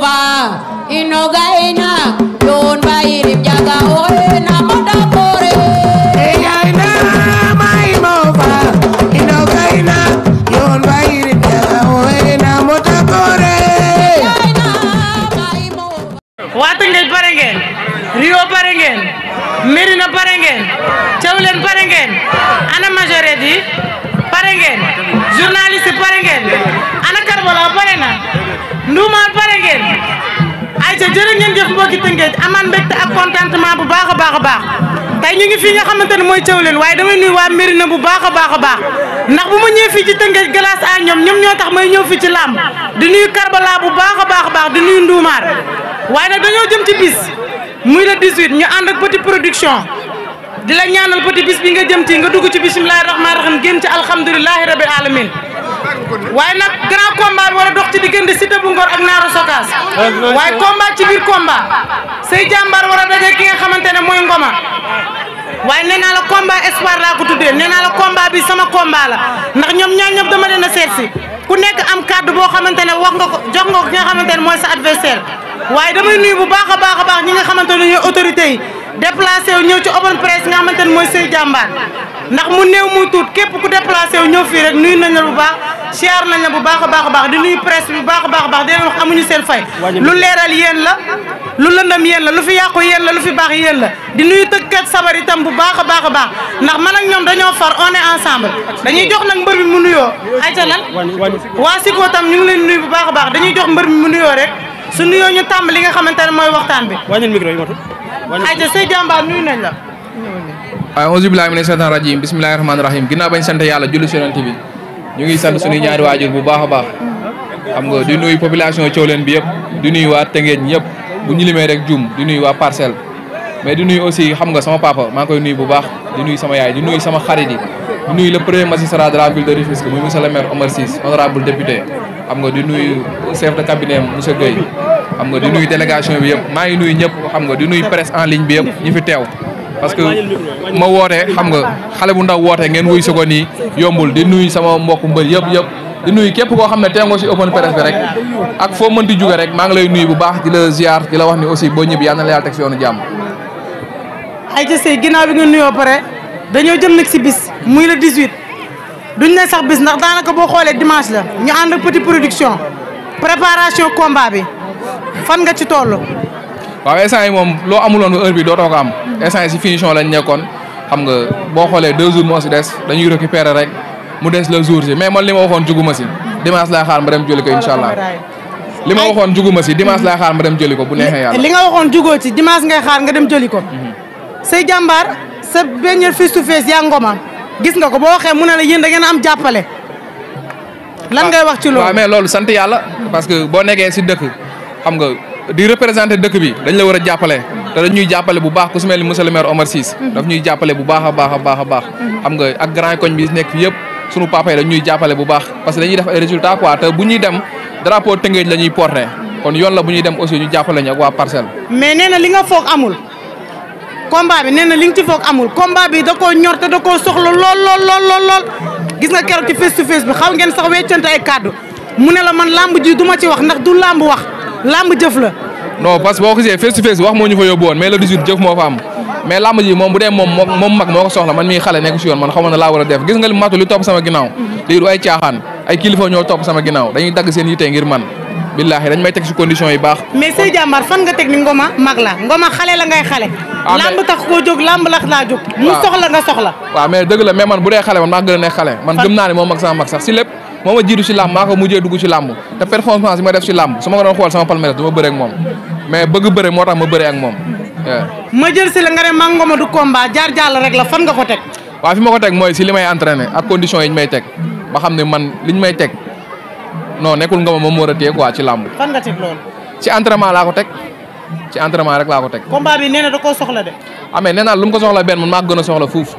waa Tëngéej pare ngeen Rio pare ngeen Mérina pare ngeen Thiawlène pare ngeen ana majorette yi pare ngeen journaliste yi pare ngeen mbégte amaan mbégte ak contentement bu baax a baax a baax tey ñu ngi fii nga xamante ne mooy Thiawlène waaye damay nuyu waa Mérina bu baax a baax a baax ndax bu ma ñëwee fii ci Tëngéej glace à ñoom ñoom ñoo tax may ñëw fii ci làmb di nuyu Karbala bu baax a baax a di nuyu Nduumaar waaye nag dañoo jëm ci bis muy le 18 ñu ànd ak Petit Production di la ñaanal Petit bis bi nga jëm ci nga dugg ci bisim bisimilahi rahmaani rahim génn ci alhamdulilahi rabil alamin waaye nag grand combat war a dox ci diggante Siteu bu Ngor ak Naaru Sokaas waaye combat ci biir combat say jàmbaar war a daje ki nga ne mooy Ngoma waaye nee naa la combat espoir laa ko tuddee nee naa la combat bi sama combat la ndax ñoom ñaar ñëpp dama leen a seet ku nekk am kàddu boo xamante ne wax nga ko jox nga ko ki nga xamante ne mooy sa adversaire waaye damay nuyu bu baax a baax a ñi nga xamante ne ñooy autorités yi déplacé wu ñëw ci open presse nga xamante ne mooy ndax mu néew muy tuut képp ku déplacé wu ñëw la bu baax siyaar nañ la bu baax a baax a baax di nuyu presse bi bu baax a baax a baax di leen wax amuñu seen fay lu leeral yéen la lu lëndëm yéen la lu fi yàqu yéen la lu fi baax yéen la di nuyu tëggkat sabar tam bu baax a baax a baax ndax man ak ñoom dañoo far on est ensemble dañuy jox nag mbër mi mu nuyoo ayca lan waa Siko tam ñu leen nuyu bu baax a baax dañuy jox mbër mi mu nuyoo rek su nuyoo ñu tàmbali nga xamante ne mooy waxtaan bi wàññil micro yi matu ayca say jàmbaar nuyu nañ la waaw auzu billahi yàlla julli ci yonent bi ñu ngi sant suñuy ñaari waajur bu baax a baax xam nga di nuy population Thiolène bi yëpp di nuy waa Tëngéej ñëpp bu ñu limee rek jum di nuyu waa parcelle mais di nuy aussi xam nga sama papa maa koy nuy bu baax di nuy sama yaay di nuyu sama xarit yi di nuyu le premier magistrat de la ville de Rufisque muy monsieur le maire Omar Cissé honorable député xam nga di nuyu chef de cabinet monsieur Guèye xam nga di nuy délégation bi yëpp maa ngi nuyu ñëpp xam nga di nuy presse en ligne yëpp ñu fi teew parce que ma wootee xam nga xale bu ndaw wootee ngeen wuy si ko nii yombul di nuyu sama mbokk mbër yëpp yëpp di nuyu képp koo xam ne teew nga si open press rek ak foo mënti jóge rek maa ngi lay nuy bu baax di la ziar di la wax ni aussi boo ñibbi yàlla na la yàlla teg si yoonu jàmm ay ci sëy bi nga nuyoo pare dañoo jëm nag si bis muy le 18 duñ ne sax bis ndax daanaka boo xoolee dimanche la ñu ànd ak petit production préparation combat bi fan nga ci toll waaw instant yi moom loo amuloon heure bi dootoo ko am essence si finition lañ nekkoon xam nga boo xoolee deux jours moo si des dañuy récupérer rek mu des la jour si mais man li ma waxoon juguma si dimanche laa xaar ma dem jëli ko li ma waxoon juguma si dimanche laa xaar ma dem bu neexee yàlla. li nga waxoon jugoo ci dimanche nga xaar nga dem jëli ko. Mhm. say jàmbaar sa benn face to face yaa ngoma gis nga ko boo waxee mu ne la yéen da ngeen am jàppale. lan ah, ngay wax ci loolu waaw mais loolu sant yàlla. parce que boo nekkee si dëkk xam nga di représenter dëkk bi dañ la war a jàppale. te dañ ñuy jàppale bu baax ku su mel ni monsieur Omar Cisse mhm. daf ñuy jàppale bu baax a baax a a baax mhm. xam nga a grand koñ bi nekk fi yëpp sunu papa yi ñuy jàppale bu baax parce que dañuy def ay résultat quoi te bu ñuy dem drapeau Tëngéej la ñuy porté kon yoon la bu ñuy dem aussi ñu jàppale ñu ak waa parcelle mais nee na li nga foog amul combat bi nee na li nga ci foog amul combat bi da koo ñor te da koo soxla lool lool lool lool gis nga keroog ci face to face bi xaw ngeen sax weccante ay kàddu mu ne la man làmb ji du ma ci wax ndax du làmb wax làmb jëf la non parce que boo xisee face to face wax moo ñu fa yóbbu woon mais le 18 jëf moo fa am mais làmb ji moom bu dee mag moo soxla man mii xale nekk si yoon man xamoon na laa war a def gis nga li matu li sama ginnaaw ay caaxaan dañuy dagg seen yitte ngir man billaahi dañ may teg condition yi baax mais say jàmbaar fan nga teg ni ngoma mag la ngoma xale la ngay xale ah, lamb tax koo jóg lamb la laa jóg mu soxla nga soxla waaw mais dëgg la mais man bu dee xale man maa gën xale naa ne moom mag sama mag sax si lépp moo ma jiitu si làmb maa ko mujjee dugg si làmb te performance bi ma def si làmb su ma ko doon xool sama palmarès du ma bëre ak moom mais bëgg bëre moo tax ma bëre ak moom ma jël si la nga ne maa ngoma du combat jaar jàll rek la fan nga ko teg waaw fi ma ko teg mooy si li may entraîné ak condition yi ñu may teg ba xam ne man li ñu may teg non nekkul ngoma moom moo ratee quoi ci làmb fan nga teg loolu ci entraînement laa ko teg ci entraînement rek laa ko teg combat bi nee na da koo soxla de amee ah, nee naa lu mu ko soxla benn man maa ko gën a soxla fuuf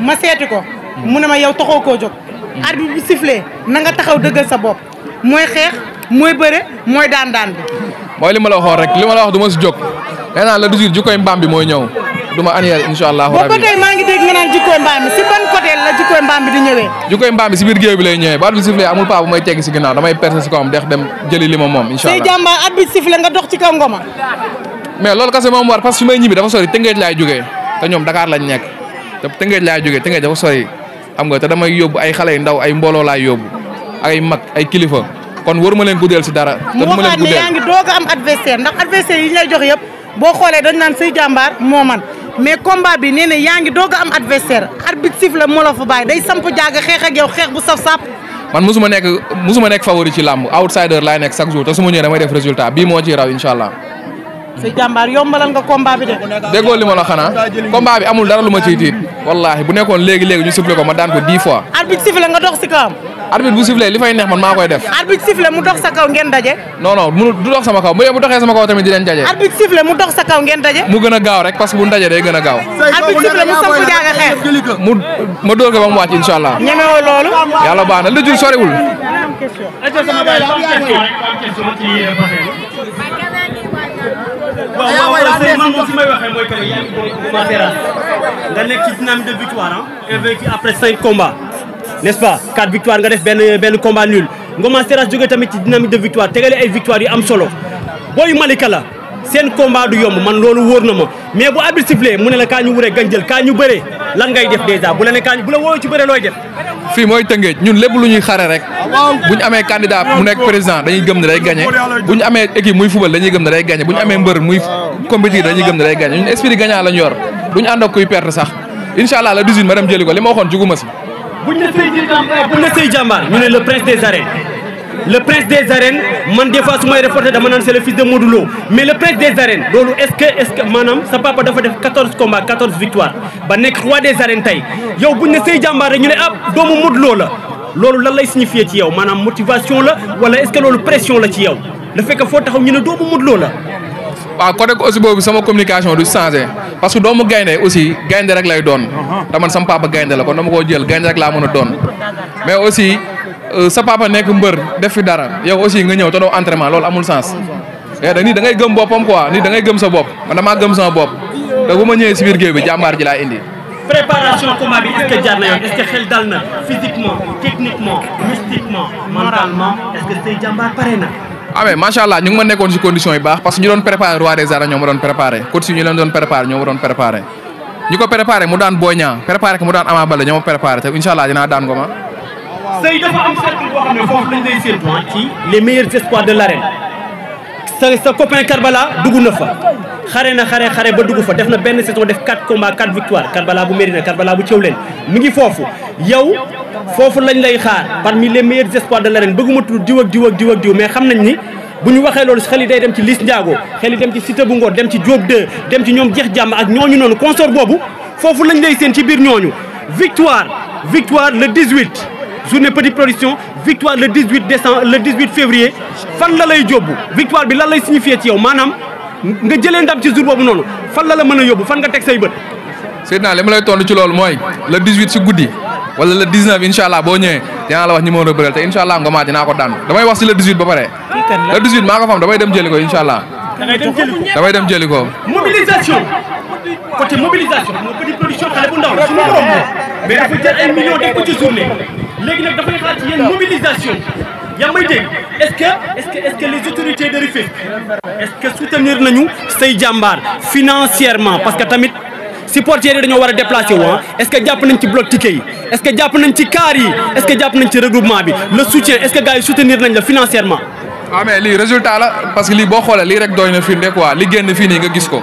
ma seeti ko mu ne ma yow taxoo koo jóg arbitre bi na nga taxaw dëggal sa bopp mooy xeex mooy bëre mooy daan daan bi. mooy li ma la waxoon rek li ma la wax du ma si jóg nee la toujours jikkoy mbaam bi mooy ñëw du ma annuel incha allah. la jikkoy mbaam bi di ñëwee. jikkoy mbaam bi si biir géew bi lay amul paa bu may tegg si ginnaaw damay percer si kawam dex dem jëli li ma moom incha allah. tey jàmbaar nga dox ci ngoma. mais loolu kese moom war parce que su dafa sori tëngeej laay jógee te ñoom Dakar lañ nekk te tëngeej laay jógee tëngeej dafa sori xam nga te damay yóbbu ay xale yu ndaw ay mbooloo laay yóbbu ay mag ay kilifa kon waruma leen guddeel si dara. te du ma leen guddeel mu waxaat ne yaa ngi doog am adversaire ndax adversaire yi ñu lay jox yëpp boo xoolee dañ naan say jàmbaar moo man mais combat bi nee na yaa ngi doog am adversaire arbitre siffle moo la fa bàyyi day samp jaaga xeex ak yow xeex bu saf sap. man musuma nekk musuma nekk favori ci làmb outsider laay nekk chaque jour te su ma ñëwee damay def résultat moo ciy raw si jàmbaar yombalal nga combat bi de. déggoo li ma la xanaa combat bi amul dara lu ma ciy tiit wallaahi bu nekkoon léegi léegi ñu sifflé ko ma daan ko dix fois. arbitre sifflé nga dox si kawam. arbitre bu sifflé li fay neex man maa koy def. arbitre sifflé mu dox sa kaw ngeen daje. non non mu du dox kaw bu bu doxee sama kaw tamit di leen daje. arbitre sifflé mu dox sa kaw ngeen daje. mu gën a gaaw rek parce bu ñu dajee day gën a gaaw. arbitre sifflé mu soog ko jaaga xeex. mu ma dóor ba mu wàcc incha allah. man moom fi may waxee mooy nga nekk ci dynamique de victoire ah. invaincu après cinq combats n'est-ce pas quatre victoires nga def benn benn combat nul. Ngoma Seras jóge tamit ci dynamique de victoire tegale ay victoire yu am solo booy Malika la seen combat du yomb man loolu wóor na ma mais bu arbitre sifflé mu ne la kaa ñu wuree ganjël kaa ñu bëree lan ngay def déjà bu la ne kaa ñu bu la wooyoo ci bëree looy def. fii mooy Tëngéej ñun lépp lu ñuy xare rek bu ñu amee kandidaa mu nekk président dañuy gëm ne day gagné bu ñu amee équipe muy fubal dañuy gëm ne day gagné bu ñu amee mbër muy compétir dañuy gëm ne day gagné ñun esprit gagnant lañ yor du ñu ànd ak kuy perte sax incha allah le 18 ma dem jëli ko li ma waxoon juguma si. buñ la sëy jàmbaar ñu ne le prince des arènes. le prince des arènes man des fois su dama naan c'est le fils de Modou mais le prince des arènes loolu est-ce que est sa papa dafa def 14 combats 14 victoires ba nekk roi des arènes tey yow buñ ne say jàmbaar ñu ne ah doomu Modou la loolu lan lay signifier ci yow maanaam motivation la wala est-ce que loolu pression la ci yow le fait que foo taxaw ñu ne doomu Modou la. waaw côté aussi boobu sama communication du changé parce que doomu gaynde aussi gaynde rek lay doon. Uh-huh. dama sama papa gaynde la kon dama koo jël gaynde rek laa mën a doon Euh, sa papa nekk mbër def fi dara yow aussi nga ñëw te doo entraînement loolu amul sens. te eh, da ngay gëm boppam quoi nit da ngay gëm sa bopp man damaa gëm sama bopp te bu ma ñëwee si biir géew bi jàmbaar ji laa indi. préparation combat bi est-ce na yoon est xel dal na physiquement techniquement mystiquement mentalement est-ce que pare na. ah mais ñu ngi ma nekkoon si condition yu baax parce que ñu doon préparé roi des arènes ñoo ma doon préparé coach yi ñu doon préparé ñoo mu daan Boy Niang préparé ko mu daan Ama Baldé ñoo ma préparé sëy dafa les meilleurs espoirs de l'arène sa sa copain Karbala dugg na fa xare na xare xare ba dugg fa def na benn saison def 4 combats 4 victoires Karbala bu Mérina Karbala bu Thiawlène mi ngi foofu yow foofu lañ lay xaar parmi les meilleurs espoirs de l'arène bëgguma tudd diw ak diw ak diw ak diw mais xam nañ ni bu ñu waxee loolu xel yi day dem ci Liss Ndiago xel yi dem ci Siteu bu Ngor dem ci Diop 2 dem ci ñoom jeex jàmm ak ñooñu noonu consort boobu foofu lañ lay seen ci biir ñooñu victoire victoire le 18 journée petite production victoire le 18 décembre le fan la lay jóbbu bi lan lay signifier ci yow maanaam nga jëlee ndam ci jour boobu noonu fan la la mën a yóbbu fan nga teg say bët. Seydina li ma lay tontu ci loolu mooy le 18 si guddi wala le 19 incha allah boo ñëwee dinaa la wax ñi ma war a bëreel te incha allah maa dinaa ko daan damay wax si le 18 ba pare. le 18 maa ko fam damay dem jëli ko incha allah. damay dem jëli ko ko. léegi nag dafay xaar ci yéen mobilisation yaa may dégg est-ce que est-ce que est-ce que les autorités de Rufisque est-ce que soutenir nañu say jàmbaar financièrement parce que tamit supporters yi dañoo war a déplacé wu est-ce que jàpp nañ ci bloc ticket yi est-ce que jàpp nañ ci car yi est-ce que jàpp nañ ci regroupement bi le soutien est-ce que gars soutenir nañ la financièrement. waaw ah, mais lii résultat la parce que lii boo xoolee lii rek doy na firnde quoi li génn fii nii nga gis ko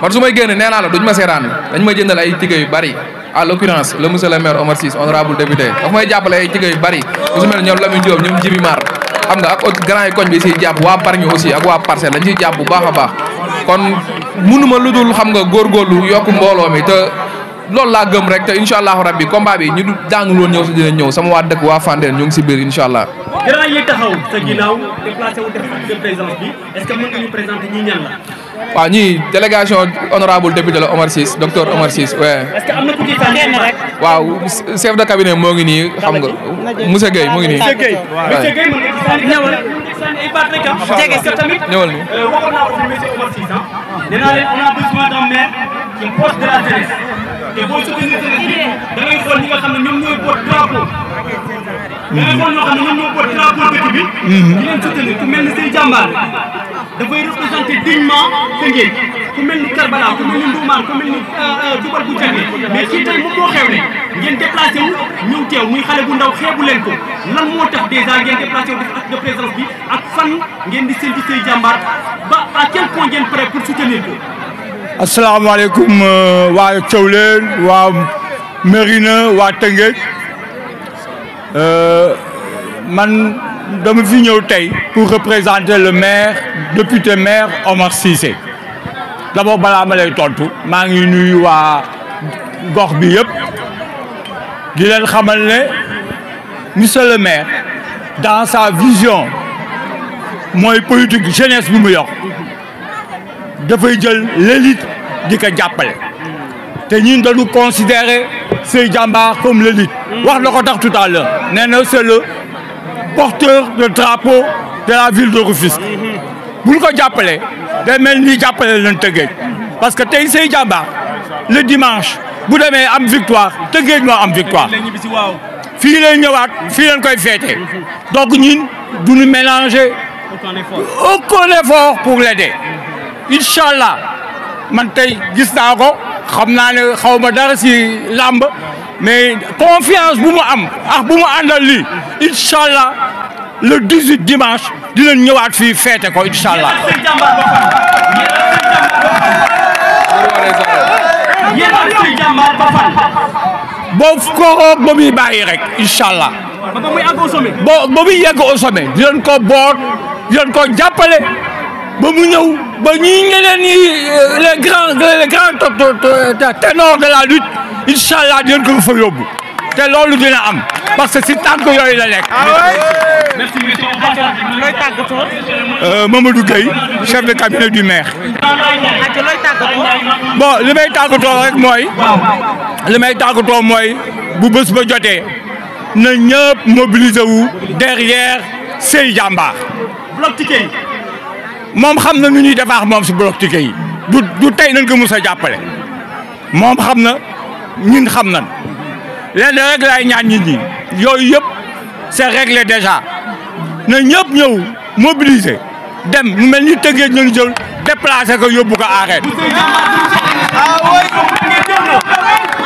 man su may génn nee naa la duñ ma seeraan dañ ma jëndal ay yu bari. en l'occurrence le monsieur le maire Omar Cissé honorable député dafa may jàppale ay jigéen yu bari ku si mel ñoom Lamine Diop ñoom Jibi Mar xam nga ak autres grand yi koñ bi siy jàpp waa Pargne aussi ak waa Parcelles dañ jàpp bu baax a baax kon mënuma lu dul xam nga góorgóorlu yokk mbooloo mi te loolu laa gëm rek te incha allahu rabbi combat bi ñu du jàng ñëw si ñëw sama waa dëkk waa Fandène ñu ngi si biir incha ñii ñan la. waaw ñii délégation honorable député la Omar Ciss docteur Omar Ciss oui. est de cabinet moo ngi nii xam nga monsieur Guèye moo ngi nii. ni te boo sukkandiku da ngay xool ñi nga xam ne ñoom ñooy ñoo xam ne ñoom ñoo boot drapeau dëkk bi. Mhm. di leen soutenir ku mel ni say jàmbaar dafay représenté dignement Tëngéej ku mel ni Karbala ku mel ni Ndoumar ku mel ni Jubar euh, euh, bu Jàng mais kii tey moom moo xew ne ngeen déplacé ñëw teew muy xale bu ndaw xeebu leen ko lan moo tax dèjà ngeen déplacé wu def acte de bi ak fan ngeen di séntu say jàmbaar ba à quel point ngeen prêt pour soutenir ko. asalaamaaleykum euh, waa Thiawlène waa Mérina waa Tëngéej euh, man dama fi ñëw tey pour représenter le maire député maire Omar Cissé d'abord balaa tontu maa ngi nuyu waa gox bi yëpp di leen xamal ne monsieur le maire dans sa vision mooy politique jeunesse bi mu yokk dafay jël l'élite di ko jàppale te ñun dañu considérer Sey Diambars comme l'élite wax na ko tax tout à l'heure nee na c'est le porteur de drapeau de la ville de Rufisque bu ñu ko jàppale day mel ni jàppale la Tëngéej parce que tey Sey Diambars le dimanche bu demee am victoire Tëngéej moo am victoire fii leen ñëwaat fii leen koy féete donc ñun duñu mélanger aucun effort pour l'aider incha allah man tey gis naa ko xam naa ne xaw ma dara si làmb mais confiance bu mu am ah bu mu àndal lii incha allah le 18 dimanche dinañ ñëwaat fii feete ko incha allah. boo ko ba muy bàyyi rek incha allah. muy yegg au sommet. dinañ ko boot dinañ ko jàppale. ba mu ñëw ba ñii ñeneen ñi euh, les euh, de la lutte incha allah dinañ ko fa yóbbu te loolu dina am parce que si tànk yooyu la nekk. Ah merci euh, Mamadou Gueye chef de cabinet du maire. bon li may tàggatoo rek mooy. li may tàggatoo mooy bu bés ba jotee na ñëpp mobiliser wu derrière Sey Jàmbaar. moom xam na nu ñuy defaax moom si bloc ticket yi du du tey nañ ko mus a jàppale moom xam na ñun xam nañ lenn rek laay ñaan nit ñi yooyu yëpp c'est réglé déjà na ñëpp ñëw mobiliser dem mu mel ni tëngeej nañu jël déplacé ko yóbbu ko arène ah,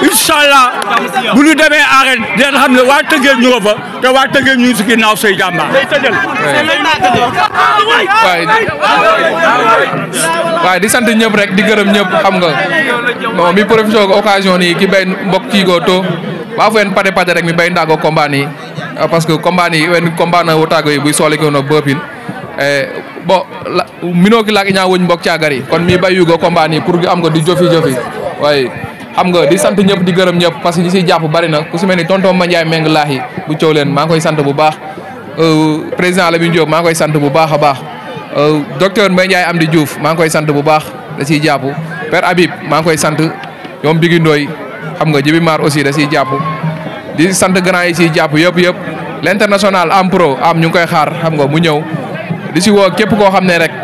incha allah bu ñu demee arène dinañ xam ne waa Tëngéej ñu nga fa te waa Tëngéej ñu ngi si ginnaaw say jàmbaar. waay di sant ñëpp rek di gërëm ñëpp xam nga bon mi profité ko occasion nii ki bay mbokk kii to waa wen pate pate rek mi bay ndaago combat ah, parce que combat nii wen combat na yi buy soole ko no bëpin eh, bon la minoo ki laak i ñaa wuñ mbokk kon mi bay yugo combat nii pour am nga di jofi jofi waay xam nga di sant ñëpp di gërëm ñëpp parce que ñi si jàpp bari na ku si mel ni tonton Mandiaye Meng laahi bu coow leen maa ngi koy sant bu baax euh, président Lamine Diop maa ngi koy sant bu baax a baax euh, docteur Mbaye Ndiaye Amdi Diouf maa ngi koy sant bu baax da siy jàpp père Habib maa ngi koy sant ñoom Bigui Ndoy xam nga Jibi Mar aussi da siy jàpp di sant grand yi si jàpp yëpp yëpp l' international am pro am ñu ngi koy xaar xam nga mu ñëw di si woo képp koo xam ne rek.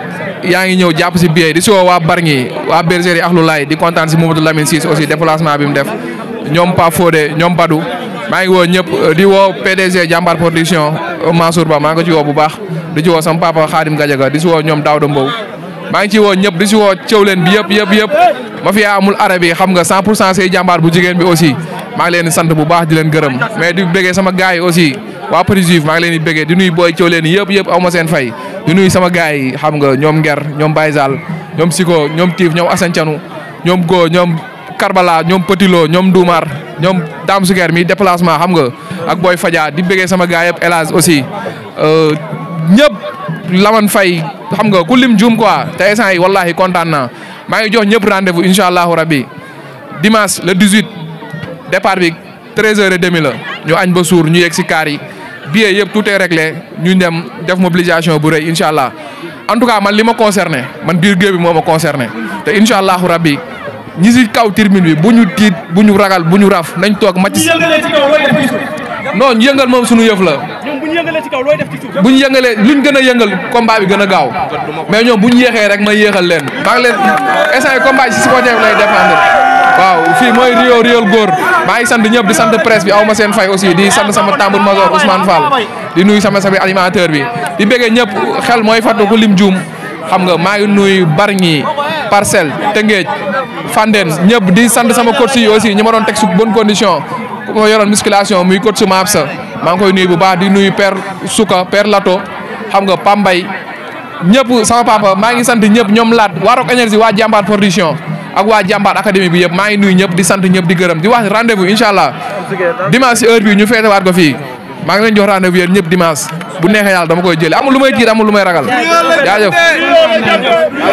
yaa ngi ñëw jàpp si biir di si woo waa Bargny waa Bergerie Ahlou di kontaan si Mamadou Lamine Cissé aussi déplacement bi def ñoom Pa Fodé ñoom Badou maa ngi woo ñëpp euh, di woo PDG Jàmbaar production euh, Mansour Ba maa ngi ci woo bu baax di ci woo sama papa Khadim Gadiaga di si woo ñoom Daouda Mbow maa ngi ci woo ñëpp di si woo Thiawlène bi yëpp yëpp yëpp ma fi amul arabe xam nga 100 pour cent say jàmbaar bu jigéen bi aussi maa ngi leen di sant bu baax di leen gërëm mais di bëggee sama gars yi aussi waa Paris Juif maa ngi leen di bëggee yëpp yëpp aw ma seen di nuyu sama gars yi xam nga ñoom Nger ñoom Baye Zal ñoom Siko ñoom Tiif ñoom Assane Thianou ñoom Go ñoom Karbala ñoom Petit ñoom Doumar ñoom Dame mi déplacement xam nga ak Boy Fadia di bëggee sama gars yëpp El Hadj aussi euh, ñëpp laman fay xam nga ku lim juum quoi te instant yi wallaahi kontaan maa ngi jox ñëpp rendez-vous incha allahu rabbi dimanche le 18 départ bi 13h30 la ñu añ ba suur ñu yegg si kaar billets yëpp tout est réglé ñu dem def mobilisation bu rëy incha allah en tout cas man li ma concerné man biir géew bi moo ma concerné te incha rabbi ñi si kaw tribune bi bu ñu tiit bu ñu ragal bu ñu raf nañ toog màcc. non ñu yëngal moom sunu yëf la. ñoom bu ñu yëngalee ci bu ñu yëngalee luñ gën a yëngal combat bi gën a gaaw. mais ñoom bu ñu yéexee rek ma yéexal leen. maa ngi leen essayé combat yi si supporter lay défendre. waaw fii mooy Rio Riol Góor maa ngi sant ñëpp di sant presse bi aw ma seen fay aussi di sant sama tambour major Ousmane Fall di nuyu sama sabi animateur bi di bëggee ñëpp xel mooy fàttu ku lim juum xam nga maa ngi nuyu Bargny Parcelles Tëngéej Fandène ñëpp di sant sama coach yi aussi ñi ma doon teg su bonne condition ku ma yoroon musculation muy coach su maab sa maa ngi koy nuyu bu baax di nuyu père suka père Lato xam nga Pambay ñëpp sama papa maa ngi sant ñëpp ñoom laat Waarok énergie waa jàmbaar production ak waa jàmbaar académie bi yëpp maa ngi nuyu ñëpp di sant ñëpp di gërëm di wax rendez vous incha allah dimanche heure bi ñu feetewaat ko fii maa ngi leen jox rendez ñëpp dimanche bu neexee yàlla dama koy jëlee amul lu may tiit amul lu ma ragal jaajëf